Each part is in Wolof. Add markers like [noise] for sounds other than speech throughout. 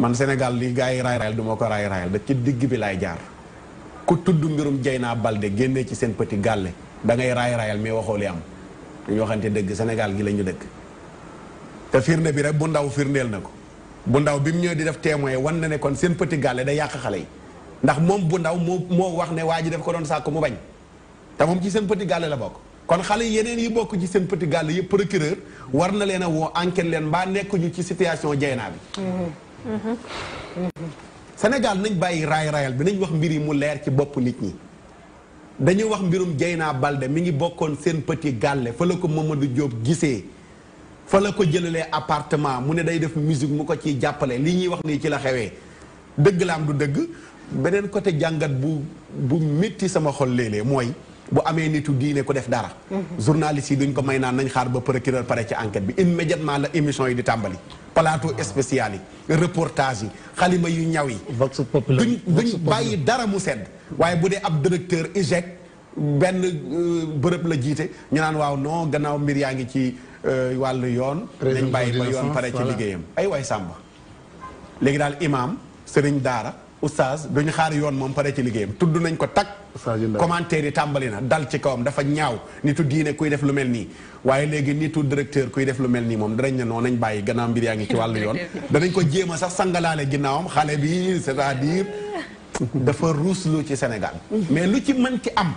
man Sénégal li gaa yi raay raayal du ma ko raay raayal da ci digg bi laay jaar ku tudd mbirum Dieyna Baldé génnee ci seen petit gàlle dangay raay raayal mais waxoo li am ñu waxante dëgg Sénégal gi la ñu dëkk. te firnde bi rek bu ndaw firndeel na ko bu ndaw bi mu ñëwee di def témoin wan na ne kon seen petit gàlle da yàq xale yi ndax moom bu ndaw moo moo wax ne waa ji daf ko doon sàkk mu bañ te moom ci seen petit gàlle la bokk. kon xale yeneen yi bokk ci seen petit yëpp procureur war na leen woo enquête leen mbaa nekkuñu ci situation Dieyna Sénégal nañ bàyyi raay raayal bi nañ wax mbir yi mu leer ci bopp nit ñi dañuy wax mbirum naa balde mi ngi bokkoon seen petit gàlle fa la ko Mamadou jóob gisee fa la ko jëlalee appartement mu ne day def musique mu ko ciy jàppale li ñuy wax nii ci la xewee dëgg laam am du dëgg beneen côté jàngat bu bu metti sama xol léeg-léeg mooy bu amee nitu diine ko def dara. Mhm. journaliste yi duñ ko may naan nañ xaar ba procureur pare ci enquête bi immédiatement la émission yi di tàmbali. plateau spécial yi reportage yi xalima yu ñaw yi duñ duñ bàyyi dara mu sedd waaye bu dee ab directeur ISEC benn euh, bërëb la jiite ñu naan waaw non gannaaw mbir yaa ngi ci euh, wàll yoon nañ bàyyi ba yoon pare ci liggéeyam ay waay sàmba léegi daal imaam sëriñ daara oustaz duñ xaar yoon moom pare ci liggéeyam tudd nañ ko takk commentaire yi tàmbali na dal ci kawam dafa ñaaw nitu diine kuy def lu mel nii waaye léegi nitu directeur kuy def lu mel nii moom danañ ne noonu bàyyi gannaaw mbir yaa ngi ci wàllu yoon [laughs] danañ ko jéem a sax sangalaale ginnaawam xale bi c'est-à-dire [laughs] dafa ruus ruuslu ci Sénégal [laughs] mais lu ci mën ci am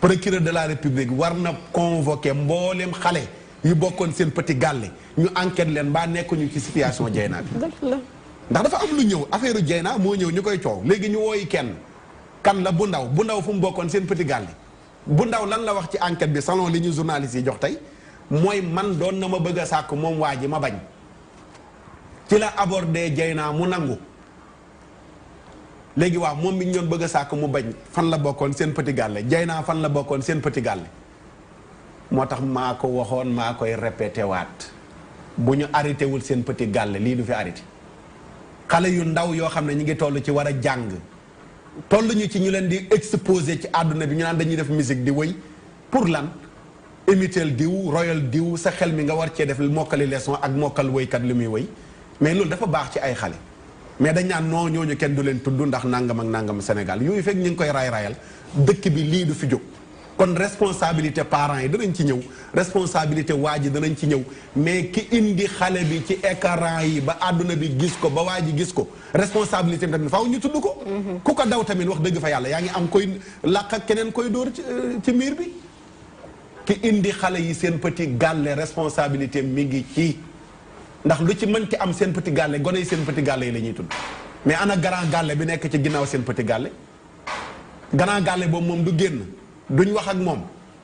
procureur de la république war na convoquer mbooleem xale yu bokkoon seen petit gàlle ñu enquête leen mbaa nekkuñu ci situation Dieyna bi ndax dafa am lu ñëw affaire Dieyna moo ñëw ñu koy coow léegi ñu kan la bu ndaw bu ndaw fu mu bokkoon seen petit gàll bu ndaw lan la wax ci enquête bi selon li ñu journaliste yi jox tey mooy man doon na ma bëgg a sàkk moom waa ji ma bañ ci la abordé Dieyna mu nangu léegi waaw moom mi ñu doon bëgg a sàkk mu bañ fan la bokkoon seen petit gàll Dieyna fan la bokkoon seen petit gàll moo tax maa ko waxoon maa koy répété waat bu ñu arrêté wul seen petit gàll lii du fi arrêté xale yu ndaw yoo xam ne ñu ngi toll ci war a jàng. toll ñu ci ñu leen di exposé ci àdduna bi ñu naan dañuy def musique di wëy pour lan émitel diw royal diw sa xel mi nga war cee def mokkali leçon ak mokkal waykat li muy wëy mais loolu dafa baax ci ay xale mais dañ naan non ñooñu kenn du leen tudd ndax nangam ak nangam Sénégal yooyu fekk ñu ngi koy raay raayal dëkk bi lii du fi jóg kon responsabilité parent yi danañ ci ñëw responsabilité waa ji danañ ci ñëw mais ki indi xale bi ci écran yi ba àdduna bi gis ko ba waa ji gis ko responsabilité bi tamit ñu tudd ko. Mhm. ku ko daw tamit wax dëgg fa yàlla yaa ngi am koy làq ak keneen koy dóor euh, ci miir bi. ki indi xale yi seen petit gàlle responsabilité mi ngi ci ndax lu ci mënti am seen petit gàlle gone yi seen petit gàlle yi lañuy tudd mais ana grand gàlle bi nekk ci ginnaaw seen petit gàlle. grand gàlle boobu moom du génn. duñ wax ak moom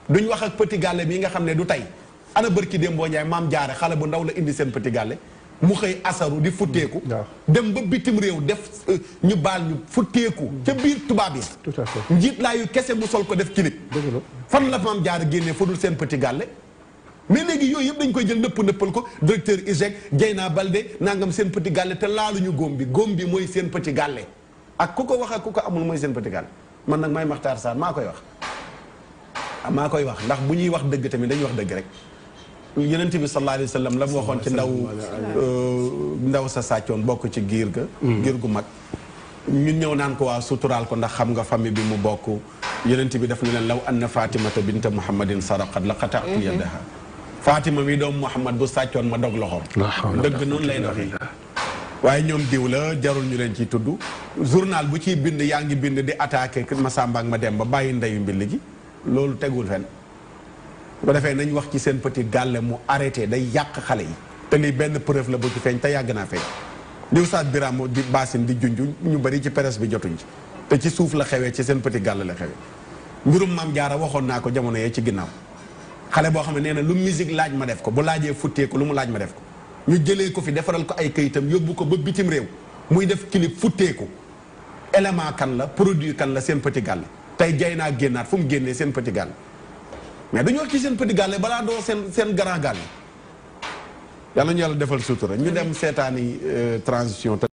duñ wax ak petit bi nga xam ne du tey ana bërki démboo Njaay maam jaare xale bu ndaw la indi seen petit mu xëy asaru di futteeku mm, dem ba bitim réew def euh, ñu baal ñu futteeku ca biir tubaab yi njiit laa yu kese mu sol ko def kilib fan la maam jaare génne fu dul seen petit gàlle mais léegi yooyu yëpp dañ koy jël nëpp nëppal ko directeur ISEC Dieyna Baldé nangam seen petit gàlle te ñu góom bi góom bi mooy seen petit gàlle ak ku ko wax ku ko amul mooy seen petit nag may Makhtar Sarr maa koy wax Ah, maa koy wax ndax bu ñuy wax dëgg tamit dañuy wax dëgg rek yonent bi sallallahu alayhi wa sallam la waxoon ci ndaw euh, ndaw sa sàccoon bokk ci giir ga mm. giir gu mag ñun ñëw naan ko waa suturaal ko ndax xam nga famille bi mu bokk yonent bi daf ne leen law anna fatimata binta muhammadin saraqat la qata'tu mm-hmm. yadaha fatima mi doomu muhammad bu sàccoon ma dog loxoom dëgg noonu lay doxee waaye ñoom diw la jarul ñu leen ci tudd journal bu ciy bind yaa ngi bind di attaqué ma sàmbaak ma dem ba bàyyi ndeyu mbill gi loolu tegul fenn bu ko defee nañ wax ci seen petit gàll mu arrêté day yàq xale yi te lii benn preuve la bu ci feeñ te yàgg naa feeñ li Oustaz Birame di Basine di junj ñu bari ci presse bi jotuñ ci te ci suuf la xewee ci seen petit gàlle la xewee mbirum Maam Jaara waxoon naa ko jamono yee ci ginnaaw xale boo xam ne nee na lu musique laaj ma def ko bu laajee futteeku lu mu laaj ma def ko ñu jëlee ko fi defaral ko ay kayitam yóbbu ko ba bitim réew muy def clip futteeku élément kan la produit kan la seen petit gàlle tey jay naa génnaat fu mu génnee seen petit gàll mais dañoo kii seen petit gàll balaa doo seen seen grand gàll yàlla ñu yàlla defal sutura ñu dem seetaani euh, transition